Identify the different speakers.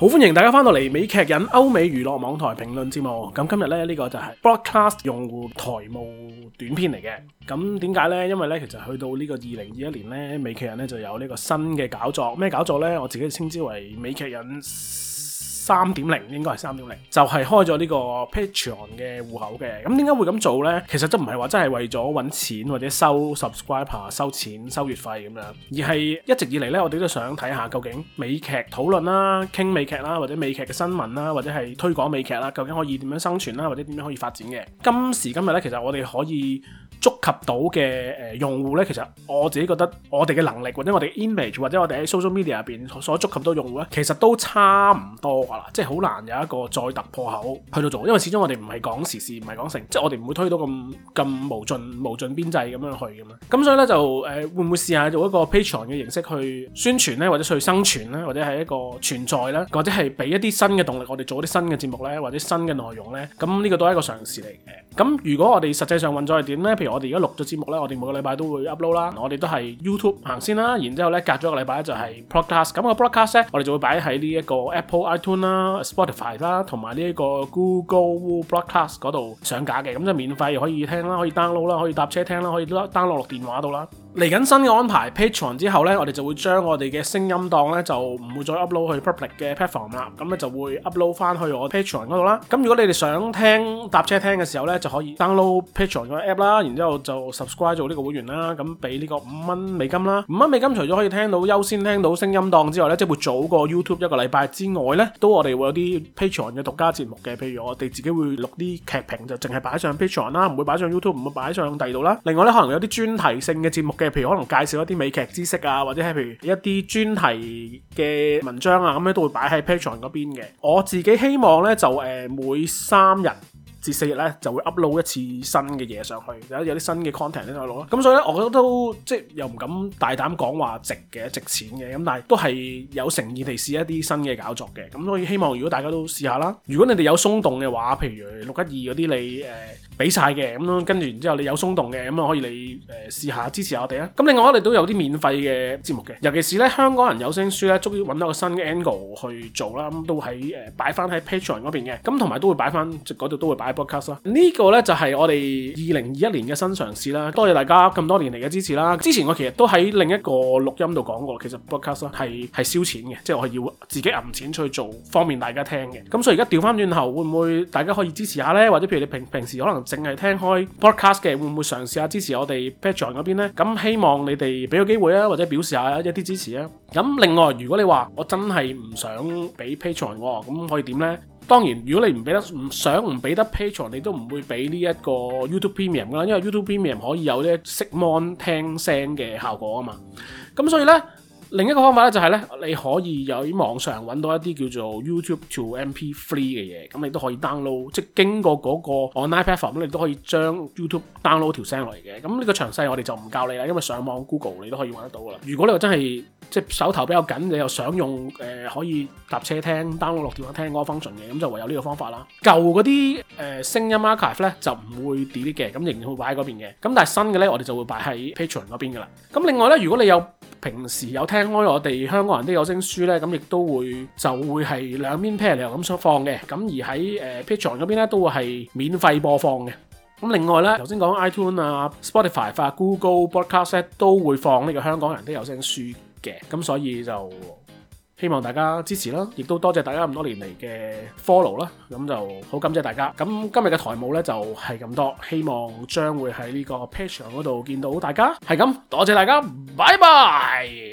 Speaker 1: 好歡迎大家翻到嚟《美劇癮》歐美娛樂網台評論節目。咁今日呢，呢、呢個就係 Broadcast 用戶台務短片嚟嘅。咁點解呢？因為呢，其實去到呢個二零二一年呢，《美劇癮》呢呢就有呢個新嘅搞作。咩搞作呢？我自己稱之為《美劇癮》。三點零應該係三點零，就係開咗呢個 Patreon 嘅戶口嘅。咁點解會咁做呢？其實都唔係話真係為咗揾錢或者收 subscriber 收錢收月費咁樣，而係一直以嚟呢，我哋都想睇下究竟美劇討論啦、傾美劇啦，或者美劇嘅新聞啦，或者係推廣美劇啦，究竟可以點樣生存啦，或者點樣可以發展嘅。今時今日呢，其實我哋可以觸及到嘅誒用戶呢，其實我自己覺得我哋嘅能力，或者我哋 image，或者我哋喺 social media 入邊所觸及到用戶呢，其實都差唔多㗎啦，即係好難有一個再突破口去到做，因為始終我哋唔係講時事，唔係講成，即係我哋唔會推到咁咁無盡無盡邊際咁樣去㗎嘛。咁所以呢，就誒、呃、會唔會試下做一個 Patreon 嘅形式去宣傳呢？或者去生存呢？或者係一個存在呢？或者係俾一啲新嘅動力，我哋做啲新嘅節目呢？或者新嘅內容呢？咁呢個都係一個嘗試嚟嘅。咁如果我哋實際上運作係點呢？譬如話。我哋而家錄咗節目咧，我哋每個禮拜都會 upload 啦。我哋都係 YouTube 行先啦，然之後咧隔咗一個禮拜就係 podcast。咁個 podcast 咧，我哋就會擺喺呢一個 Apple iTunes 啦、Spotify 啦，同埋呢一個 Google Podcast 嗰度上架嘅。咁就免費可以聽啦，可以 download 啦，可以搭車聽啦，可以 download 落電話度啦。嚟緊新嘅安排 Patreon 之後呢，我哋就會將我哋嘅聲音檔呢，就唔會再 upload 去 public 嘅 platform 啦、啊，咁呢，就會 upload 翻去我 Patreon 嗰、啊、度啦。咁如果你哋想聽搭車聽嘅時候呢，就可以 download Patreon 嘅 app 啦、啊，然之後就 subscribe 做呢個會員啦，咁俾呢個五蚊美金啦。五蚊美金除咗可以聽到優先聽到聲音檔之外呢，即係會早過 YouTube 一個禮拜之外呢，都我哋會有啲 Patreon 嘅獨家節目嘅，譬如我哋自己會錄啲劇評就淨係擺上 Patreon 啦，唔會擺上 YouTube，唔會擺上第度啦。另外呢，可能有啲專題性嘅節目。譬如可能介紹一啲美劇知識啊，或者係譬如一啲專題嘅文章啊，咁咧都會擺喺 Patreon 嗰邊嘅。我自己希望咧就誒、呃、每三日至四日咧就會 upload 一次新嘅嘢上去，有有啲新嘅 content 喺度來咯。咁所以咧，我覺得都即係又唔敢大膽講話值嘅、值錢嘅，咁但係都係有誠意地試一啲新嘅搞作嘅。咁所以希望如果大家都試下啦。如果你哋有鬆動嘅話，譬如六一二嗰啲你誒。呃俾晒嘅咁跟住然之後你有鬆動嘅咁啊，可以你誒、呃、試下支持下我哋啊！咁另外我哋都有啲免費嘅節目嘅，尤其是咧香港人有聲書咧，終於揾到個新嘅 angle 去做啦，咁都喺誒擺翻喺 Patreon 嗰邊嘅，咁同埋都會擺翻即嗰度都會擺 Podcast 啦。這個、呢個咧就係、是、我哋二零二一年嘅新嘗試啦，多謝大家咁多年嚟嘅支持啦。之前我其實都喺另一個錄音度講過，其實 Podcast 係係係燒錢嘅，即係我係要自己揞錢出去做方便大家聽嘅。咁所以而家調翻轉頭，會唔會大家可以支持下咧？或者譬如你平平時可能～淨係聽開 podcast 嘅，會唔會嘗試下支持我哋 Patreon 嗰邊呢？咁希望你哋俾個機會啊，或者表示下一啲支持啊。咁另外，如果你話我真係唔想俾 Patreon 喎，咁可以點呢？當然，如果你唔俾得，唔想唔俾得 Patreon，你都唔會俾呢一個 YouTube Premium 噶啦，因為 YouTube Premium 可以有啲熄 mon 聽聲嘅效果啊嘛。咁所以呢。另一個方法咧就係咧，你可以有啲網上揾到一啲叫做 YouTube to MP3 嘅嘢，咁你都可以 download，即係經過嗰個 online platform，你都可以將 YouTube download 條聲落嚟嘅。咁呢個詳細我哋就唔教你啦，因為上網 Google 你都可以揾得到噶啦。如果你話真係即係手頭比較緊，你又想用誒、呃、可以搭車聽、download 落電話聽嗰個 function 嘅，咁、那個、就唯有呢個方法啦。舊嗰啲誒聲音 archive 咧就唔會 delete 嘅，咁仍然會擺喺嗰邊嘅。咁但係新嘅咧，我哋就會擺喺 Patreon 嗰邊噶啦。咁另外咧，如果你有平時有聽開我哋香港人啲有聲書咧，咁亦都會就會係兩邊 pair、呃、p a i r 你又咁放嘅。咁而喺誒 Patreon 嗰邊咧，都會係免費播放嘅。咁另外咧，頭先講 iTune 啊、Spotify 啊、Google Podcast、啊、都會放呢個香港人啲有聲書。嘅，咁所以就希望大家支持啦，亦都多謝大家咁多年嚟嘅 follow 啦，咁就好感謝大家。咁今日嘅台務呢就係咁多，希望將會喺呢個 Patreon 嗰度見到大家，係咁多謝大家，拜拜。